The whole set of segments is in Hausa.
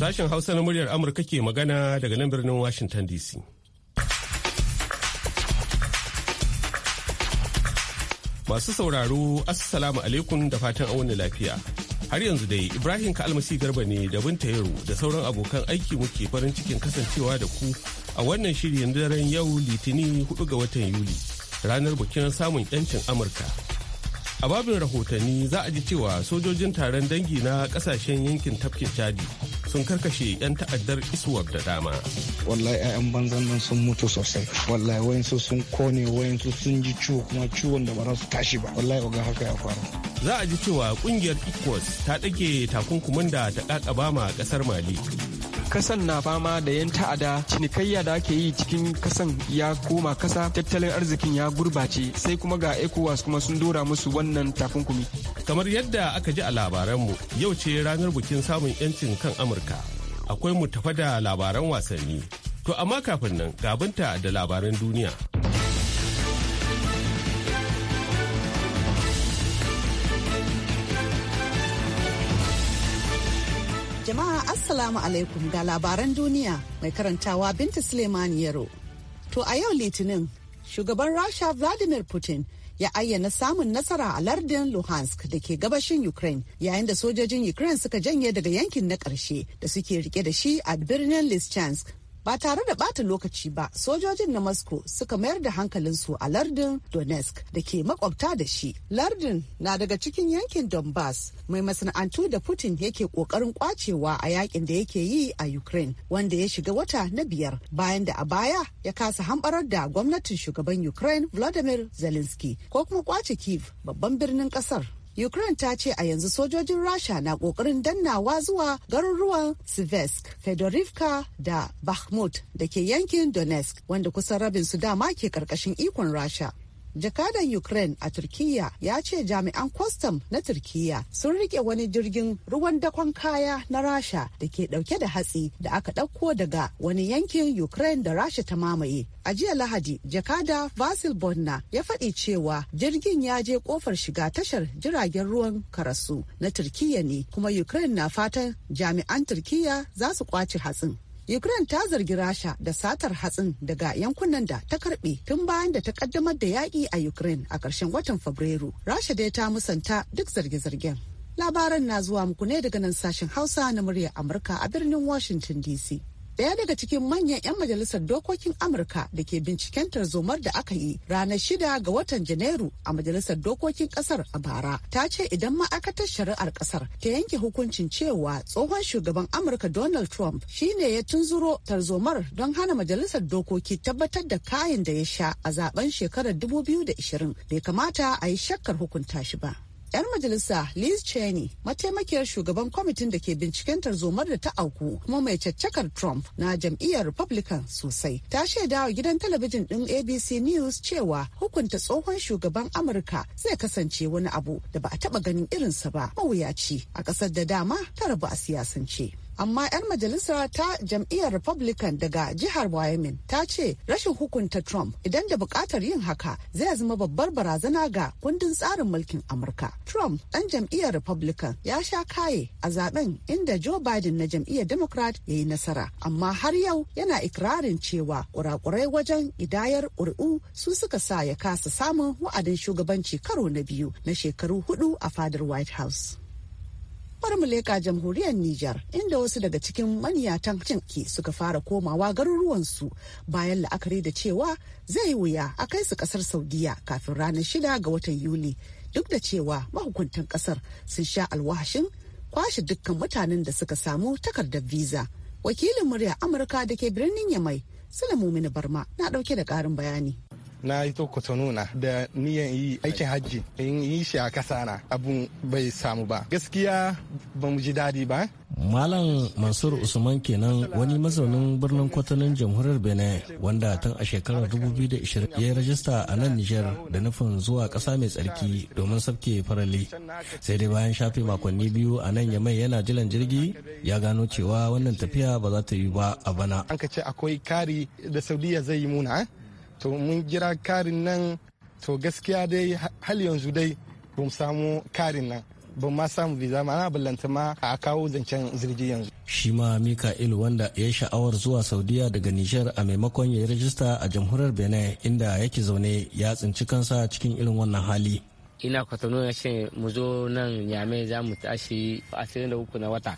Sashen Hausa na muryar Amurka ke magana daga nan birnin Washington DC. Masu sauraro, Assalamu alaikum da fatan wani lafiya. Har yanzu dai Ibrahim Kalmasi Garba ne da Binta Yaro da sauran abokan aiki muke farin cikin kasancewa da ku a wannan shirin daren yau Litinin 4 ga watan Yuli, ranar bikin samun 'yancin Amurka. a babin rahotanni za a ji cewa sojojin taron dangi na kasashen yankin tafkin chadi sun karkashe 'yan ta'addar iswap da dama wallahi 'ya'yan banzan nan sun mutu sosai wallahi wayansu sun kone wayansu sun ji ciwo kuma ciwon da ba su tashi ba wallahi ga haka ya faru za a ji cewa kungiyar ecowas ta ɗage takunkumin da ta kakaba ma ƙasar mali kasan na fama da yan ta'ada cinikayya da ake yi cikin kasan ya koma kasa tattalin arzikin ya gurbace sai kuma ga ecowas kuma sun dora musu wannan takunkumi kamar yadda aka ji a labaran mu yau ce ranar bikin samun yancin kan amurka akwai mu tafa da labaran wasanni to amma kafin nan gabinta da labaran duniya Assalamu alaikum ga labaran duniya mai karantawa Binta Suleiman Yaro. To a yau Litinin, shugaban Rasha Vladimir Putin ya ayyana samun nasara a lardin Luhansk da ke gabashin Ukraine yayin da sojojin Ukraine suka janye daga yankin na ƙarshe da suke rike da shi a birnin Lysychansk ba tare da bata lokaci ba sojojin na moscow suka mayar da hankalinsu a lardin donetsk da ke makwabta da shi lardin na daga cikin yankin donbass mai masana'antu da putin yake ƙoƙarin kwacewa a yakin da yake yi a ukraine wanda ya shiga wata na biyar bayan da a baya ya kasa hambarar da gwamnatin shugaban ukraine vladimir zelensky ko kuma kwace kiev babban birnin kasar Ukraine ta ce a yanzu sojojin Rasha na kokarin dannawa zuwa garuruwan Siversk, Fedorivka da Bakhmut da ke yankin Donetsk wanda kusan rabin su dama ke karkashin ikon Rasha. jakadan ukraine a turkiyya ya ce jami'an kwastam na turkiyya sun rike wani jirgin ruwan dakon kaya na rasha da ke dauke da hatsi da aka ɗauko daga wani yankin ukraine da rasha ta mamaye a jiya lahadi jakada vasil bonna ya faɗi cewa jirgin ya je kofar shiga tashar jiragen ruwan karasu na turkiyya ne kuma ukraine na fatan jami'an turkiyya za su kwace hatsin Ukraine ta zargi Rasha da satar hatsin daga yankunan da ta karbe tun bayan da ta kaddamar da yaƙi a Ukraine a ƙarshen watan Fabrairu. Rasha dai ta musanta duk zarge-zargen. Labaran na zuwa muku ne daga nan sashen Hausa na muryar Amurka a birnin Washington DC. daya daga cikin manyan 'yan majalisar dokokin amurka da ke binciken tarzomar da aka yi ranar shida ga watan janairu a majalisar dokokin kasar a bara ta ce idan ma'aikatar shari'ar kasar ta yanke hukuncin cewa tsohon shugaban amurka donald trump shine ya tunzuro tarzomar don hana majalisar dokoki tabbatar da kayan da ya sha a zaben shekarar 2020 bai kamata a yi shakkar hukunta shi ba 'Yar majalisa Liz Cheney, mataimakiyar shugaban kwamitin da ke binciken tarzomar da ta auku kuma mai caccakar Trump na jam'iyyar Republican sosai, ta shaida wa gidan talabijin ɗin ABC News cewa hukunta tsohon shugaban Amurka zai kasance wani abu da ba a taba ganin irinsa ba mawuyaci a ƙasar da dama ta rabu a siyasance. amma 'yan majalisa ta jam'iyyar republican daga jihar wyoming ta ce rashin hukunta trump idan da bukatar yin haka zai zama babbar barazana ga kundin tsarin mulkin amurka trump dan jam'iyyar republican ya sha kaye a zaben inda joe biden na jam'iyyar democrat ya yi nasara amma har yau yana ikirarin cewa kurakurai wajen idayar ƙuri'u su suka sa ya kasa samun wa'adin shugabanci karo na biyu na shekaru hudu a fadar white house bari mu jamhuriyar Nijar inda wasu daga cikin maniyatan cinki suka fara komawa garuruwansu bayan la'akari da cewa zai wuya a kai su kasar Saudiya kafin ranar shida ga watan Yuli duk da cewa mahukuntan kasar sun sha alwashin kwashe dukkan mutanen da suka samu takardar visa. Wakilin murya Amurka da ke birnin Yamai, Sulemu Barma na ɗauke da ƙarin bayani. na yi hito na. da niyan yi aikin hajji in yi shi a kasa na abun bai samu ba gaskiya ba mu ji daɗi ba Malam Mansur Usman kenan wani mazaunin birnin kwatanin jamhuriyar Benin wanda tun a shekarar 2020 ya rajista a nan Nijar da nufin zuwa ƙasa mai tsarki domin sabke farali. Sai dai bayan shafe makonni biyu a nan Yamai yana jilan jirgi ya gano cewa wannan tafiya ba za ta yi ba a bana. An ka ce akwai kari da Saudiya zai yi muna to mun jira karin nan to gaskiya dai hal yanzu dai ba mu samu karin nan ba ma samu visa ma ana ma a kawo zancen zirgi yanzu. Shi ma Mika'il wanda ya sha'awar zuwa Saudiya daga Nijar a maimakon ya yi rajista a jamhuriyar Benin inda yake zaune ya tsinci kansa cikin irin wannan hali. ina kwatano ya ce mu zo nan nyame za mu tashi a da uku na wata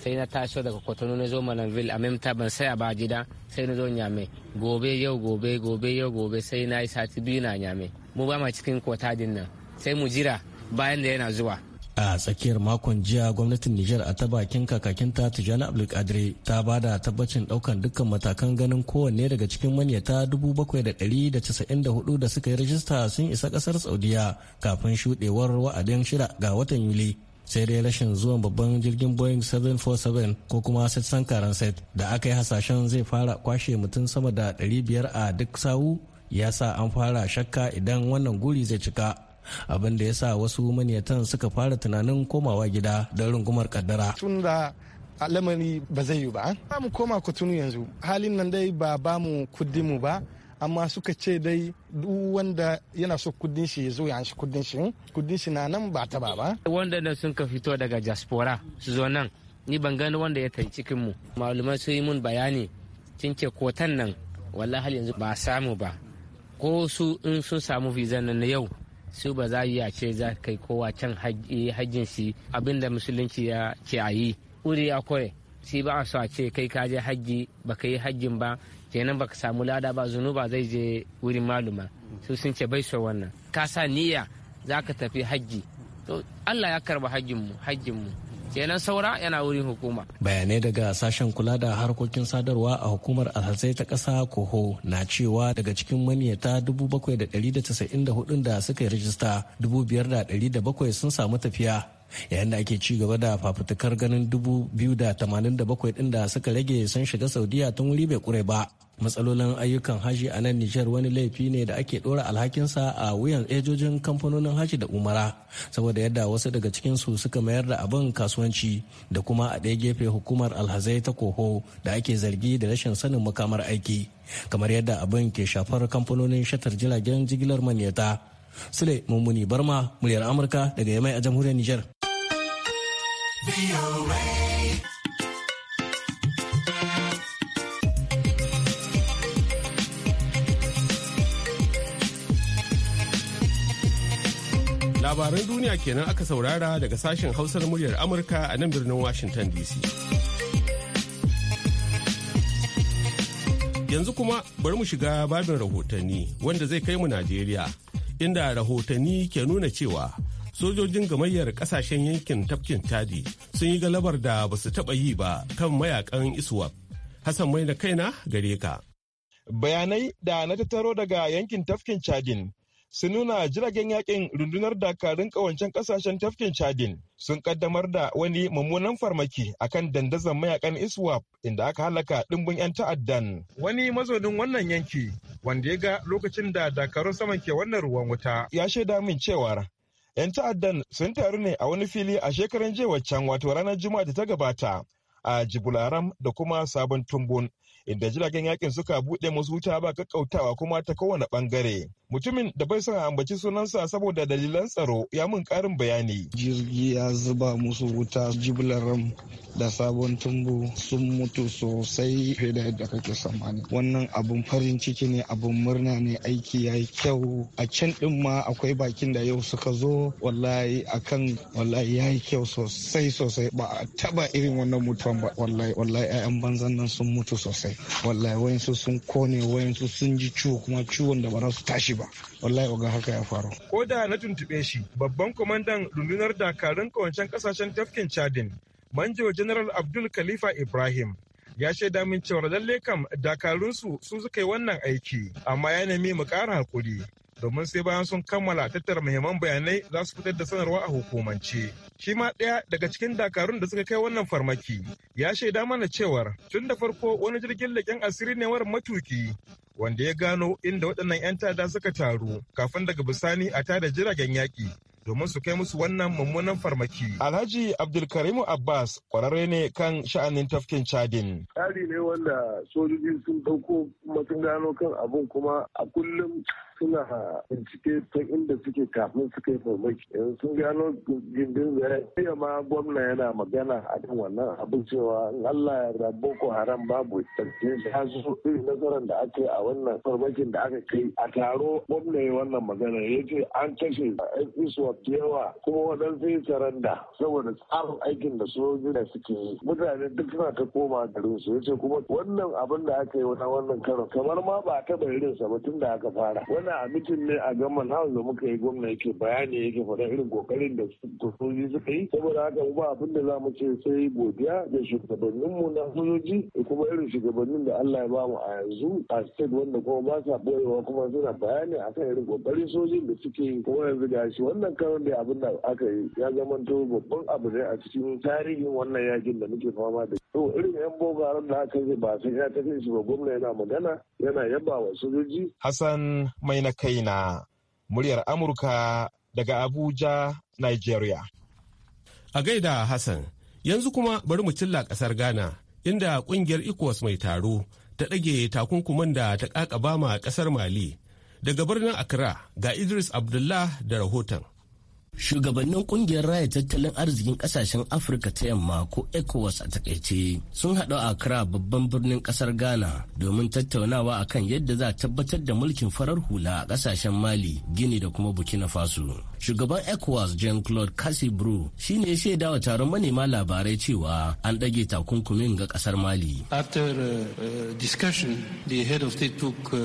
sai na taso daga kwatano na zo malamville a memta ban saya ba gida sai na zo nyame gobe yau gobe gobe yau gobe sai na yi sati biyu na nyame mu ba ma cikin kwata din nan sai mu jira bayan da yana zuwa a tsakiyar makon jiya gwamnatin niger a ta bakin kakakinta tijjani abdulkadir ta ba da tabbacin daukan dukkan matakan ganin kowanne daga cikin manyata 794 da suka yi rajista sun isa kasar saudiya kafin shudewar wa'adin shida ga watan yuli sai dai rashin zuwan babban jirgin boeing 747 ko kuma set sankaran set da aka yi hasashen zai fara kwashe mutum sama da 500 a duk sawu ya sa an fara shakka idan wannan guri zai cika abin da ya sa wasu maniyatan suka fara tunanin komawa gida don rungumar kaddara tunda alamari ba zai yi ba ba mu koma kotunu yanzu halin nan dai ba ba mu kudin mu ba amma suka ce dai duk wanda yana so kudin shi zo ya kudin shi kudin shi na nan ba ta ba wanda nan sun ka fito daga jaspora su zo nan ni ban gani wanda ya tai cikin mu malumai su yi mun bayani cin ce kotan nan wallahi yanzu ba samu ba ko su in sun samu visa nan na yau su ba za yi a ce za kai kowa can hajjin shi abinda musulunci ya ce a yi uri ya kore shi ba a so a ce kai ka je hajji ba ka yi hajjin ba kenan ka samu lada ba zunuba zai je wurin maluma su sun ce bai so wannan ka sa niyya za ka tafi hajji to Allah ya karba hajjin mu hajjin mu kenan saura yana wurin hukuma bayanai daga sashen kula da harkokin sadarwa a hukumar alhazai ta ƙasa koho na cewa daga cikin maniyata 7,794 da suka yi rajista 5,700 sun samu tafiya yayin da ake ci gaba da fafutukar ganin dubu biyu da tamanin da bakwai ɗin da suka rage sun shiga saudiya tun wuri bai kure ba matsalolin ayyukan haji a nan nijar wani laifi ne da ake ɗora alhakinsa a wuyan ejojin kamfanonin haji da umara saboda yadda wasu daga cikinsu suka mayar da abin kasuwanci da kuma a ɗaya gefe hukumar alhazai ta koho da ake zargi da rashin sanin makamar aiki kamar yadda abin ke shafar kamfanonin shatar jiragen jigilar manyata Sule Mummuni Barma muryar Amurka daga Yamai a jamhuriyar Nijar. Labaran duniya kenan aka saurara daga sashen hausar muryar Amurka a nan birnin Washington DC. Yanzu kuma bari mu shiga babin rahotanni wanda zai kai mu Najeriya. inda rahotanni ke nuna cewa sojojin gamayyar kasashen yankin tafkin Chadi sun yi galabar da ba su taɓa yi ba kan mayakan ISWAP. Hassan mai na kaina gare ka. Bayanai da na tattaro daga yankin tafkin Chadin su nuna jiragen yakin rundunar dakarun kawancen kasashen tafkin chadin sun kaddamar da wani mummunan farmaki akan dandazon mayakan iswap inda aka halaka dimbin 'yan ta'addan wani mazaunin wannan yanki wanda ya ga lokacin da dakarun saman ke wannan ruwan wuta ya shaida min cewa 'yan ta'addan sun taru ne a wani fili a shekaran jiya can wato ranar juma'a da ta gabata a jibularam da kuma sabon tumbun inda jiragen yakin suka buɗe musu wuta ba kakkautawa kuma ta kowane bangare Mutumin da bai son ambaci sunansa saboda dalilan tsaro ya mun karin bayani. Jirgi ya zuba musu wuta jiblaram da sabon tumbu sun mutu sosai da yadda kake samani. Wannan abun farin ciki ne abun murna ne aiki ya kyau. A can ɗin ma akwai bakin da yau suka zo wallahi akan wallahi ya yi kyau sosai sosai ba a taba irin wannan mutuwan ba wallahi wallahi 'ya'yan banzan nan sun mutu sosai. wallahi wayansu sun kone wayansu sun ji ciwo kuma ciwon da ba su tashi ba wallahi oga haka ya faru ko da na tuntube shi babban kwamandan rundunar dakarun kawancen kasashen tafkin chadin manjo general abdul khalifa ibrahim ya shaida min cewa lalle kam dakarunsu su suka yi wannan aiki amma ya nemi mu kara hakuri domin sai bayan sun kammala tattara muhimman bayanai za su fitar da sanarwa a hukumance. Shi ma ɗaya daga cikin dakarun da suka kai wannan farmaki ya shaida mana cewar tun da farko wani jirgin leƙen asiri ne mara matuki wanda ya gano inda waɗannan 'yan tada suka taru kafin daga bisani a tada jiragen yaƙi. domin su kai musu wannan mummunan farmaki. Alhaji Abdulkarimu Abbas kwararre ne kan sha'anin tafkin Chadin. Tsari ne wanda sojoji sun ɗauko kuma sun gano kan abin kuma a kullum suna bincike ta inda suke kafin suka yi farmaki yanzu sun gano gindin zai. ya ma gwamna yana magana a kan wannan abin cewa in Allah ya da Boko Haram babu tarke da su irin nazarin da aka a wannan farmakin da aka kai a taro gwamna ya wannan magana ya ce an kashe ISWAP a yawa kuma waɗansu yi saranda saboda tsarin aikin da sojoji da suke yi mutane duk suna ta koma garin su ya ce kuma wannan abin da aka yi na wannan karo kamar ma ba a taɓa irinsa ba tun da aka fara muna mitin ne a gama house da muka yi gwamna yake bayani yake faɗa irin kokarin da sojoji suka yi saboda haka ba abin da za mu ce sai godiya da shugabanninmu na sojoji da kuma irin shugabannin da Allah ya bamu a yanzu a state wanda kuma ba sa boyewa kuma suna bayani akan irin kokarin sojin da suke yi kuma yanzu ga shi wannan karon da abin da aka yi ya zamanto babban abu ne a cikin tarihin wannan yakin da muke fama da to irin yan bogaran da aka yi ba sai ya ta shi ba gwamna yana magana yana yaba wa sojoji hassan mai na kai na muryar amurka daga abuja nigeria a gaida hassan yanzu kuma bari mu cilla kasar ghana inda kungiyar ecowas mai taro ta ɗage takunkuman da ta ƙaƙabama ma kasar mali daga birnin accra ga idris abdullah da rahoton Shugabannin kungiyar raya tattalin arzikin kasashen Afirka ta yamma ko ECOWAS a takaice sun haɗu a Accra babban birnin ƙasar Ghana domin tattaunawa akan yadda za a tabbatar da mulkin farar hula a ƙasashen Mali, Gini da kuma Burkina Faso. Shugaban ECOWAS Jean-Claude Cassibru shi ne ya shaida wa taron manema labarai cewa an ɗage takunkumin ga ƙasar Mali. After uh, uh, discussion, the head of state took uh,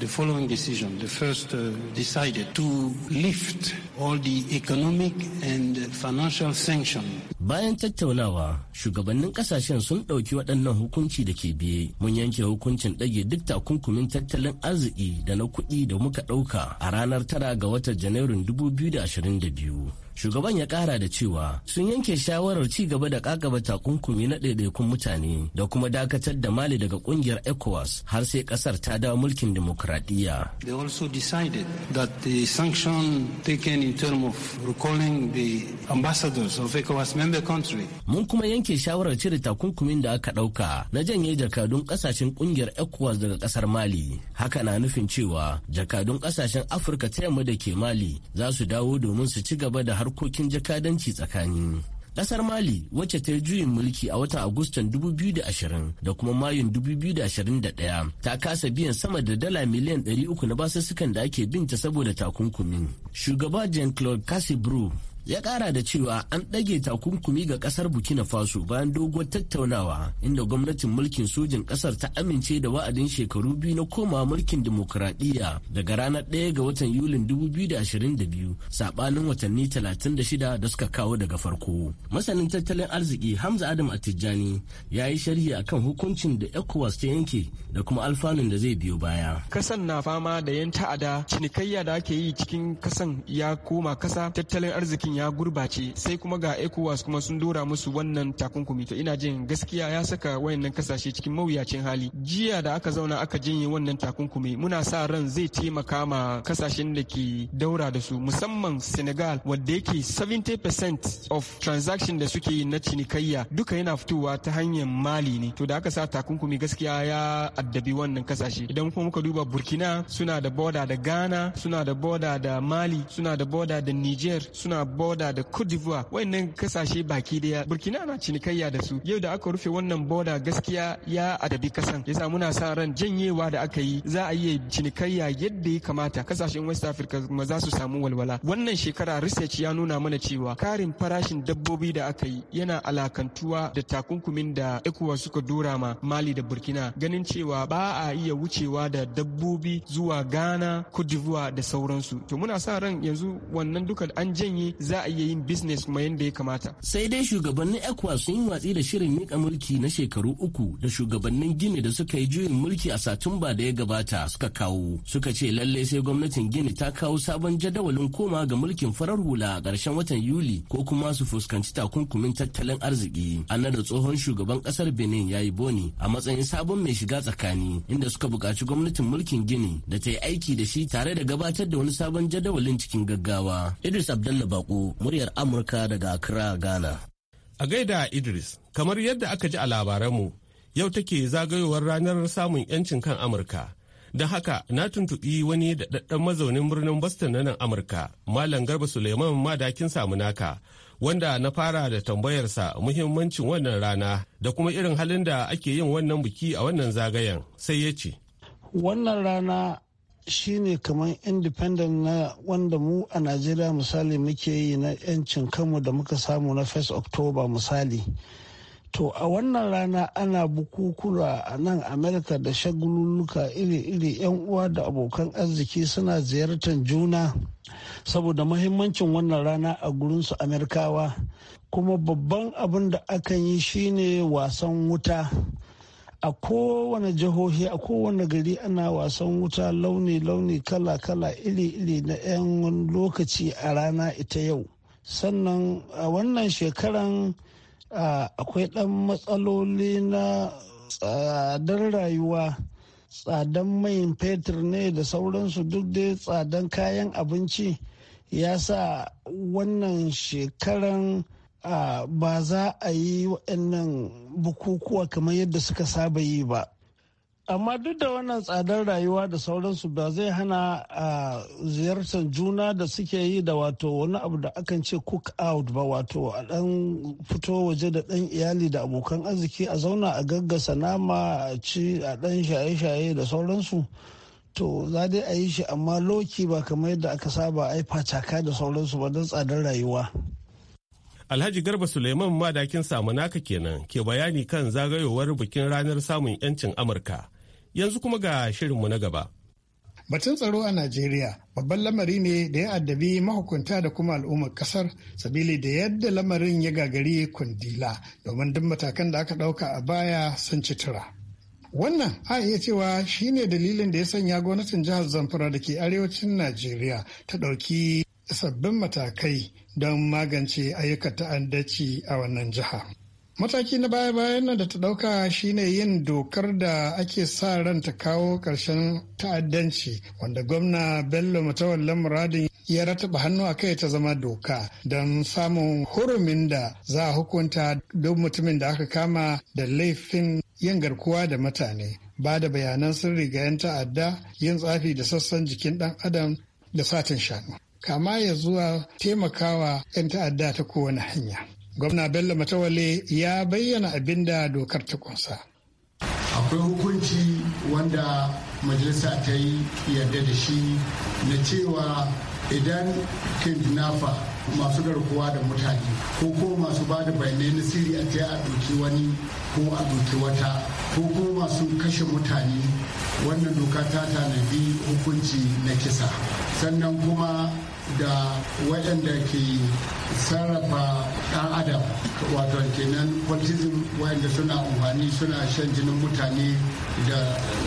the following decision. The first uh, decided to lift all the economic and financial sanction. Bayan tattaunawa, shugabannin kasashen sun ɗauki waɗannan hukunci da ke biye. Mun yanke hukuncin ɗage duk takunkumin tattalin arziki da na kuɗi da muka ɗauka a ranar tara ga watan Janairun 2000 da ashirin da biyu Shugaban ya kara da cewa sun yanke shawarar ci gaba da kakaba takunkumi na ɗaiɗaikun mutane da kuma dakatar da Mali daga kungiyar ECOWAS har sai kasar ta dawo mulkin demokradiyya. They also decided that the sanction taken in term of recalling the ambassadors of ECOWAS member country. Mun kuma yanke shawarar cire takunkumin da aka ɗauka na janye jakadun ƙasashen ƙungiyar ECOWAS daga ƙasar Mali. Haka na nufin cewa jakadun ƙasashen Afirka ta yamma da ke Mali za su dawo domin su ci gaba da har harkokin jakadanci tsakani. Kasar Mali wacce ta yi juyin mulki a watan Agustan 2020 da kuma Mayun 2021 ta kasa biyan sama da dala miliyan 300 na basussukan da ake binta saboda takunkumin. Shugaba Jean-Claude Cassibro ya kara da cewa an ɗage takunkumi ga ƙasar burkina faso bayan doguwar tattaunawa inda gwamnatin mulkin sojin ƙasar ta amince da wa'adin shekaru biyu na koma mulkin dimokuraɗiyya daga ranar ɗaya ga watan yulin 2022 saɓanin watanni 36 da suka kawo daga farko masanin tattalin arziki hamza adam a tijjani ya yi sharhi a kan hukuncin da ecowas ta yanke da kuma alfanun da zai biyo baya kasan na fama da yan ta'ada cinikayya da ake yi cikin kasan ya koma kasa tattalin arzikin ya gurbace sai kuma ga ecowas kuma sun dora musu wannan takunkumi to ina jin gaskiya ya saka wayannan kasashe cikin mawuyacin hali jiya da aka zauna aka jinye wannan takunkumi muna sa ran zai taimaka ma kasashen da ke daura da su musamman senegal wadda yake 70% of transaction da suke na cinikayya duka yana fitowa ta hanyar mali ne to da aka sa takunkumi gaskiya ya addabi wannan kasashe idan kuma muka duba burkina suna da boda da ghana suna da boda da mali suna da boda da niger suna boda da Cote d'Ivoire wayannan kasashe baki daya Burkina na cinikayya da su yau da aka rufe wannan boda gaskiya ya adabi kasan yasa muna sa ran janyewa da aka yi za a iya cinikayya yadda ya kamata kasashen West Africa kuma za su samu walwala wannan shekara research ya nuna mana cewa karin farashin dabbobi da aka yi yana alakantuwa da takunkumin da ECOWAS suka dora ma Mali da Burkina ganin cewa ba a iya wucewa da dabbobi zuwa Ghana, Cote d'Ivoire da sauransu to muna sa ran yanzu wannan duka an janye za a iya yin business kuma yadda ya kamata. Sai dai shugabannin Ekwa sun yi watsi da shirin mika mulki na shekaru uku da shugabannin Gini da suka yi juyin mulki a Satumba da ya gabata suka kawo. Suka ce lallai sai gwamnatin Gini ta kawo sabon jadawalin koma ga mulkin farar hula a ƙarshen watan Yuli ko kuma su fuskanci takunkumin tattalin arziki. An da tsohon shugaban ƙasar Benin ya yi boni a matsayin sabon mai shiga tsakani inda suka buƙaci gwamnatin mulkin Gini da ta yi aiki da shi tare da gabatar da wani sabon jadawalin cikin gaggawa. Idris Abdallah Bako muryar Amurka daga Accra, Ghana. A gaida Idris, kamar yadda aka ji a labaranmu, yau take zagayowar ranar samun 'yancin kan Amurka. Don haka na tuntuɓi wani daɗaɗɗen mazaunin birnin Boston na nan Amurka, Malam Garba Suleiman Madakin Samunaka, wanda na fara da tambayarsa muhimmancin wannan rana da kuma irin halin da ake yin wannan biki a wannan zagayen sai ya ce. Wannan rana shine kamar independent na wanda mu a najeriya misali muke yi na 'yancin kanmu da muka samu na 1st october misali to a wannan rana ana bukukula a nan america da shagululuka iri-iri 'yan uwa da abokan arziki suna ziyartar juna saboda mahimmancin wannan rana a gurinsu amerikawa kuma babban abin da akan yi shine wasan wuta a kowane jihohi a kowane gari ana wasan wuta launi-launi kala-kala iri-iri na 'yan lokaci a rana ita yau sannan a wannan shekaran akwai ɗan matsaloli na tsadar rayuwa tsadan mai fetur ne da sauransu duk dai tsadan kayan abinci ya sa wannan shekaran ba za a yi waɗannan bukukuwa kamar yadda suka saba yi ba amma duk da wannan tsadar rayuwa da sauransu ba zai hana a ziyartar juna da suke yi da wato wani abu da akan ce cook out ba wato a dan fito waje da dan iyali da abokan arziki a zauna a gaggasa nama a ci a dan shaye-shaye da sauransu to za dai a yi shi amma loki ba kamar yadda aka saba ai fataka da sauransu ba don tsadar rayuwa Alhaji Garba Suleiman Madakin samu naka kenan ke bayani kan zagayowar bikin ranar samun 'yancin Amurka. Yanzu kuma ga shirin mu na gaba. Batun tsaro a Najeriya babban lamari ne da ya addabi mahukunta da kuma al'ummar kasar sabili da yadda lamarin ya gagari kundila domin duk matakan da aka ɗauka a baya sun ci tura. Wannan a iya cewa shi ne dalilin da ya sanya gwamnatin jihar Zamfara da ke arewacin Najeriya ta ɗauki sabbin matakai don magance ayyukan ta'addaci a wannan jiha. Mataki na baya-bayan nan da ta ɗauka shine yin dokar da ake sa ran ta kawo ƙarshen ta'addanci wanda gwamna Bello Mutawallan Muradin ya rataba hannu a kai ta zama doka don samun hurumin da za a hukunta duk mutumin da aka kama da laifin yin garkuwa da mutane ba da bayanan sirri ga 'yan ta'adda yin tsafi da sassan jikin ɗan adam da satin shanu. kama ya zuwa taimakawa 'yan ta'adda ta kowane hanya. Gwamna Bello Matawale ya bayyana abin da dokar ta kunsa. Akwai hukunci wanda majalisa ta yi yarda da shi na cewa idan kidnapper masu garkuwa da mutane ko ko masu ba da bayanai na a ta a doki wani ko a doki wata ko ko masu kashe mutane wannan doka ta tanadi hukunci na kisa sannan kuma da waɗanda ke sarrafa ɗan adam wato kenan cultism waɗanda suna amfani suna shan jinin mutane da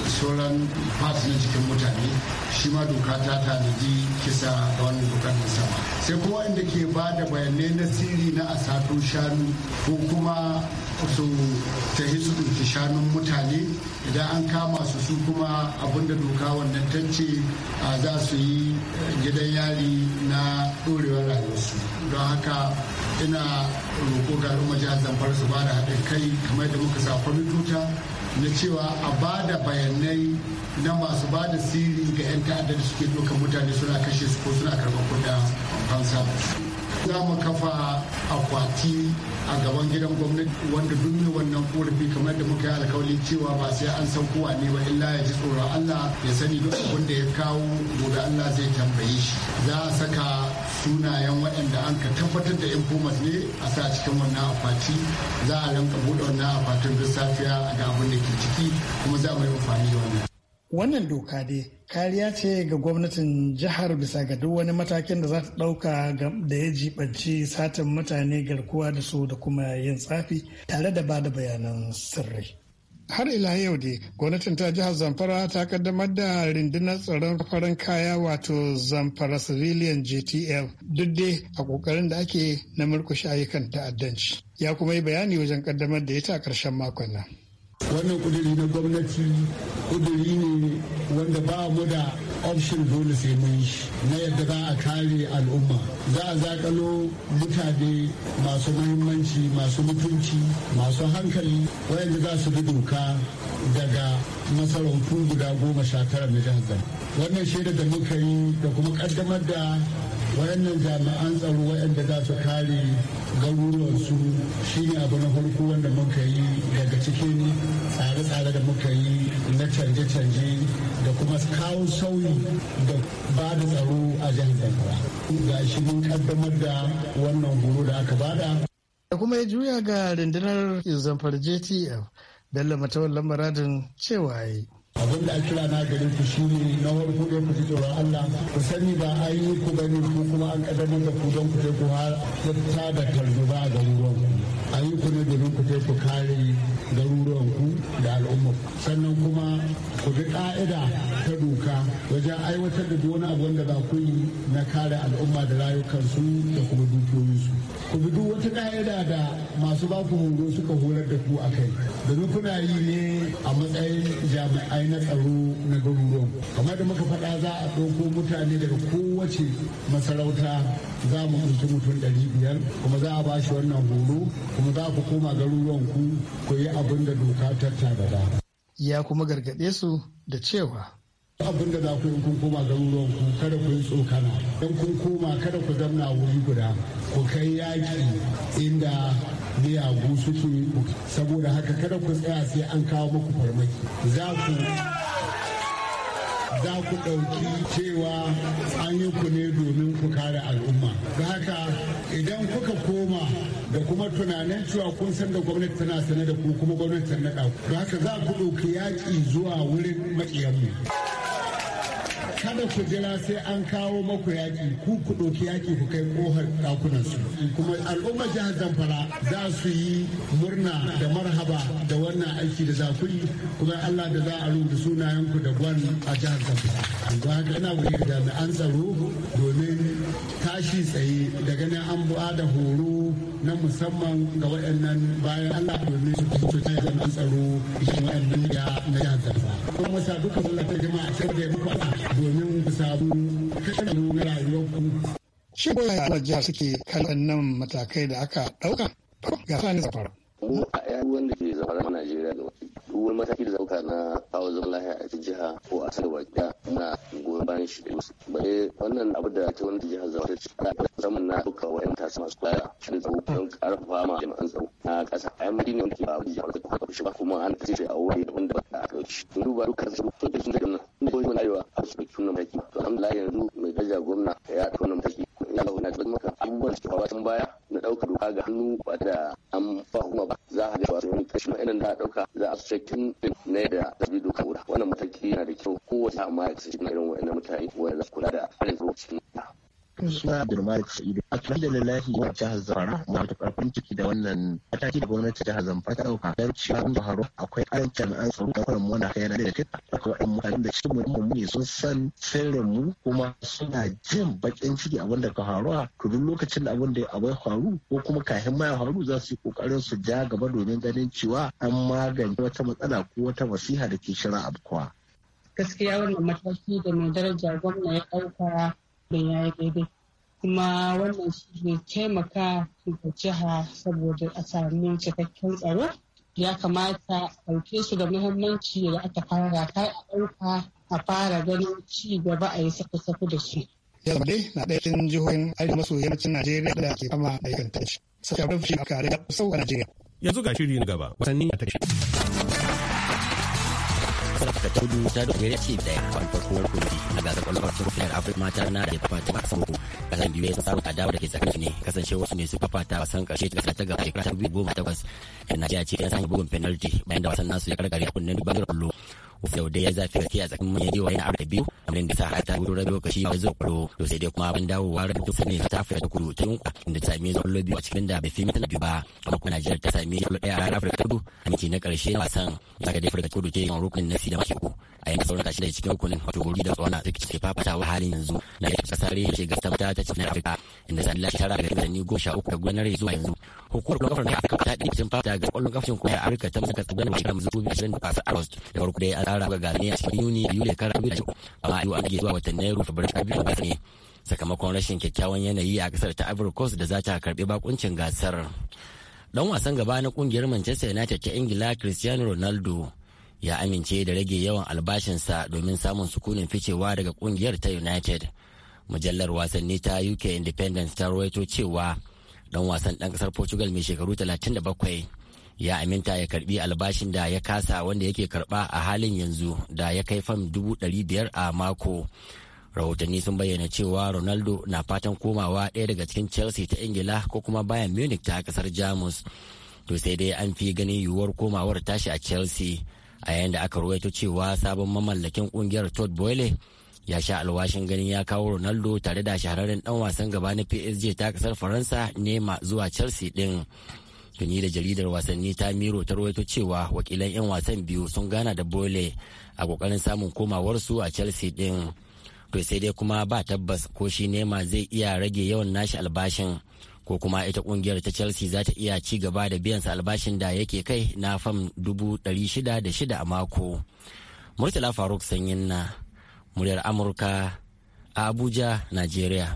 sauran parts na jikin mutane shi ma doka ta tanaji kisa ga wannan dokar sama sai kuma waɗanda ke ba da bayanai na siri na asatu shanu ko kuma su ta su ɗauki shanun mutane idan an kama su su kuma abinda doka wannan tacce za su yi gidan yari na ɗorewar rayuwarsu don haka ina roƙo ga al'umma jihar zamfara su ba da haɗin kai kamar da muka sa tuta na cewa a bada bayanai na masu bada sirri ga 'yan ta'adda da suke ɗaukar mutane suna kashe su ko suna karɓar kuɗa fansa za mu kafa akwati a gaban gidan gwamnati wanda duk wannan korafi kamar da muka yi alkawali cewa ba sai an san kowa ne ba illa ya ji tsoron Allah ya sani duk abin da ya kawo gobe Allah zai tambaye shi za a saka sunayen waɗanda an ka tabbatar da informat ne a sa cikin wannan akwati za a rinka buɗe wannan akwatin duk safiya ga abin da ke ciki kuma za mu yi amfani da wannan wannan doka dai kariya ce ga gwamnatin jihar bisa ga duk wani matakin da za ta ɗauka da ya jiɓanci satin mutane garkuwa da su da kuma yin tsafi tare da ba da bayanan sirri har ila yau dai gwamnatin ta jihar zamfara ta kaddamar da rindunar tsaron farin kaya wato zamfara civilian gtf duk dai a ƙoƙarin da ake na murkushe ayyukan ta'addanci ya kuma yi bayani wajen kaddamar da ita a ƙarshen makon nan wannan kuduri na gwamnati kuduri ne wanda ba mu da option dole sai mun shi na yadda za a kare al'umma za a zakalo mutane masu muhimmanci masu mutunci masu hankali wayanda za su bi doka daga masarautu guda goma sha tara na jihar Zamfara. Wannan shaida da muka yi da kuma kaddamar da wayannan jami'an tsaro waɗanda za su kare garuruwansu ne abu na farko wanda muka yi daga cikin tsare-tsare da muka yi na canje-canje da kuma kawo sauyi da ba da tsaro a jihar Zamfara. Ga shi mun kaddamar da wannan horo da aka bada. Da kuma ya juya ga rundunar zamfar JTF. Bello Matawan Lambaradin cewa yi. abin da kira na gare ku shi ne na farko dai ku ji tsoron Allah ku sani ba an yi ku gani ku kuma an kaddamar da ku don ku je ku har ta da tarzuba a garuruwan ku a yi ku ne domin ku je ku kare garuruwan ku da al'ummar sannan kuma ku bi ka'ida ta doka wajen aiwatar da wani abu wanda ba ku yi na kare al'umma da rayukansu da kuma dukiyoyinsu ku bi duk wata ka'ida da masu ba ku horo suka horar da ku akai da domin kuna yi ne a matsayin jami'ai na tsaro na garuruwan kamar da muka faɗa za a ɗauko mutane daga kowace masarauta za mu ɗauki mutum ɗari biyar kuma za a ba shi wannan horo kuma za ku koma garuruwan ku ku yi abin da doka ta tanada ya kuma gargaɗe su da cewa abin da za ku yi kun koma garuruwan ku kada ku yi tsokana don kun koma kada ku zamna wuri guda ku kai yaƙi inda miyagu suke saboda haka kada ku tsaya sai an kawo muku farmaki za ku za ku ɗauki cewa an yi ku ne domin ku kare al'umma da haka idan kuka koma da kuma tunanin cewa kun san da gwamnati tana sane da ku kuma gwamnati tana da ku haka za ku ɗauki yaƙi zuwa wurin maƙiyanmu. kada ku jira sai an kawo maku yaƙi ku ku ɗauki yaƙi ku kai kohar ɗakunan su kuma al'ummar jihar zamfara za su yi murna da marhaba da wannan aiki da za ku yi kuma allah da za a rubuta sunayen ku da gwan a jihar zamfara haka ina wuri da jami'an tsaro domin tashi tsaye daga nan an bu'a da horo na musamman ga waɗannan bayan Allah domin su fito ta yawan tsaro shi waɗannan ya na jihar Zamfara. Kuma masa duka wallafa jama'a sai da ya faɗa domin ku samu kashe na rayuwarku. Shi ko ya jihar suke kan nan matakai da aka ɗauka? Ga sani zafara. mu a yan wanda ke zama a Najeriya duk wani mataki da zauka na kawo zaman lahiya a jiha ko a sanarwa gida na goyon bayan shi bare wannan abu da ta wani jihar zama ta da musamman na duka wayan tasa masu kula da tsaro don karfafa ma jama'an tsaro a ƙasa a yan madina wani ke ba jihar da kuma shi ba kuma an ce a wuri da wanda ba a ɗauki shi duba dukkan su tun da sun zai nan shi wani arewa a su ɗauki wannan mataki to alhamdulillah yanzu mai daraja gwamna ya ɗauki wannan mataki yau na cikin maka abubuwan suke faruwa baya na ɗaukar doka ga hannu ba da an ba ba za a ga wasu yin kashi ma irin a ɗauka za a cikin na yadda za bi doka wuta wannan mataki yana da kyau kowace amma ya kasance irin wa'annan mutane wanda za kula da harin tsaro cikin suna Abdulmalik Sa'idu. lalahi gwamnatin jihar Zamfara na ta karfin ciki da wannan mataki da gwamnati jihar Zamfara ta dauka don cewa an Buhari akwai ƙarin jami'an tsaro da kwanan wanda kai yana da a akwai ɗan mutane da cikin mutum mu ne sun san sirrin mu kuma suna jin bakin ciki abin da ka faruwa to lokacin da abin da ya faru ko kuma kafin ma ya faru za su yi kokarin su ja gaba domin ganin cewa an magance wata matsala ko wata masiha da ke shirin kuwa. gaskiya wannan mataki da mai daraja gwamna ya ɗauka hakan ya yi daidai kuma wannan shi ne taimaka ga jiha saboda a sami cikakken tsaro ya kamata a ɗauke su da muhimmanci da aka fara kai a ɗauka a fara ganin ci gaba a yi sako saku da su. Yalma dai na ɗaya cikin jihohin arewa maso yammacin Najeriya da ke kama da yakan tashi. Saka rafi a kare da sau a Najeriya. Yanzu ga shiri na gaba wasanni a tashi. ta kudu ta doke da ci daya kwan farko kudi a gasar kwallon kwallon kofiyar afirka mata na da fata ba san ku kasan biyu ya samu adawa da ke tsakanin ne kasance wasu ne su fafata wasan karshe ta gasar ta gaba shekara ta biyu goma takwas yana najeriya ce ta sanya bugun penalty bayan da wasan nasu ya karkare kunnen bangar kwallo yau da ya zafi gaske a tsakanin manyan jiwa yana da biyu amarin da sa har ta gudu lokaci a zuwa kwaro to sai dai kuma ban dawowa da kusa ne ta fara kudu ta yunka inda ta sami zuwa biyu a cikin da bai fi mutane biyu ba amma kuma Najeriya ta sami zuwa ɗaya a Afirka kudu a na ƙarshe na wasan ya ga da Afirka kudu ke yin rukunin nasi da mashi uku a yanka saura kashi da cikin rukunin wato guri da tsona duk ke fafata wa halin yanzu na kasa kasar ce ga ta ta cikin afirka inda zan lashe tara ga watanni goma sha uku da gwanar zuwa yanzu hukumar kuma kafin na ta ɗin cikin fata ga kwallon kafashin kuma afirka ta musa kasar gwanar shirin zuwa biyu da kasar agost da farko dai a tsara ga gane a cikin yuni da yuli da kara biyu da shi amma yau an zuwa nairu rufe barci biyu da ne sakamakon rashin kyakkyawan yanayi a kasar ta Ivory Coast da za ta karbi bakuncin gasar. Dan wasan gaba na kungiyar Manchester United ta Ingila Cristiano Ronaldo ya amince da rage yawan albashinsa domin samun sukunin ficewa daga kungiyar ta united mujallar wasanni ta uk independence ta rawaito cewa dan wasan dan kasar portugal mai shekaru 37 ya aminta ya karbi albashin da ya kasa wanda yake karba a halin yanzu da ya kai fam 500 a mako rahotanni sun bayyana cewa ronaldo na fatan komawa ɗaya daga cikin chelsea ta ingila ko kuma bayan munich ta kasar jamus to sai dai an fi ganin yiwuwar komawar tashi a chelsea a yayin da aka ruwaito cewa sabon mamallakin kungiyar todd boyle ya sha alwashin ganin ya kawo ronaldo tare da shahararren dan wasan gaba na psg ta kasar faransa nema zuwa chelsea din tuni da jaridar wasanni ta miro ta ruwaito cewa wakilan 'yan wasan biyu sun gana da Boyle a kokarin samun komawarsu a chelsea din to sai dai kuma ba tabbas ko shi nema zai iya rage yawan nashi albashin ko kuma ita kungiyar ta chelsea za ta iya ci gaba da biyan sa albashin da yake kai na fam shida a mako murtala faruk sanyin na muryar amurka a abuja nigeria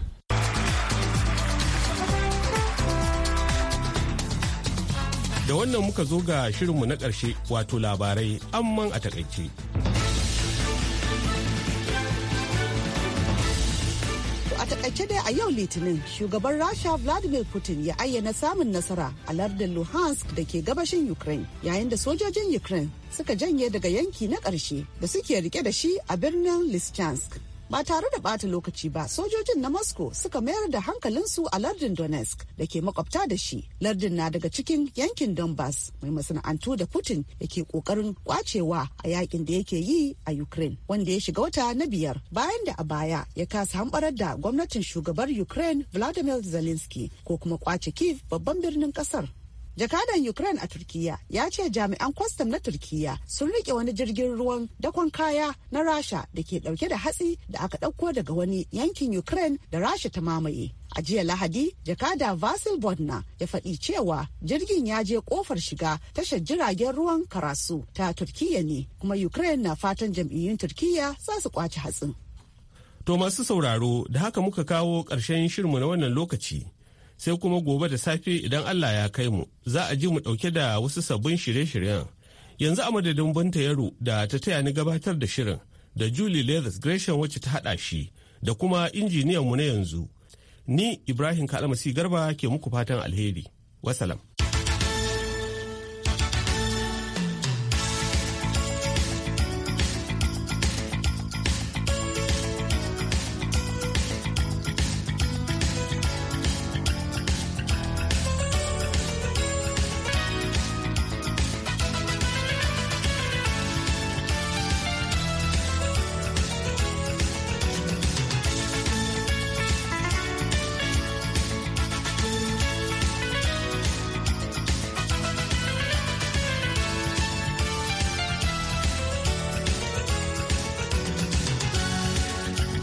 da wannan muka zo ga shirinmu na ƙarshe wato labarai amman a takaice. takaice dai a yau litinin shugaban rasha vladimir putin ya ayyana samun nasara a lardin luhansk da ke gabashin ukraine yayin da sojojin ukraine suka janye daga yanki na ƙarshe da suke rike da shi a birnin lischansk ba tare da bata lokaci ba sojojin na moscow suka mayar da hankalinsu a lardin donetsk da ke makwabta da shi lardin na daga cikin yankin donbass mai masana'antu da putin da ke kokarin kwacewa a yakin da yake yi a ukraine wanda ya shiga wata na biyar bayan da a baya ya kasa hambarar da gwamnatin shugabar ukraine vladimir zelensky ko kuma kwace kiev babban birnin kasar Jakadan Ukraine a Turkiya ya ce jami'an kwastam na Turkiya sun rike wani jirgin ruwan dakon kaya na Rasha da ke dauke da hatsi da aka ɗauko daga wani yankin Ukraine da Rasha ta mamaye. A jiya Lahadi, jakada Vasil Bodna ya faɗi cewa jirgin ya je kofar shiga tashar jiragen ruwan Karasu ta Turkiya ne, kuma Ukraine na fatan jam'iyyun Turkiya za su kwaci hatsin. To masu sauraro, da haka muka kawo ƙarshen shirmu na wannan lokaci. sai kuma gobe da safe idan Allah ya kai mu za a ji mu ɗauke da wasu sabbin shirye-shiryen. Yanzu a madadin Binta Yaro da ta taya ni gabatar da shirin da Julie Leathers Gresham wacce ta haɗa shi da kuma injiniyan mu na yanzu. Ni Ibrahim Kalamasi Garba ke muku fatan alheri. Wasalam.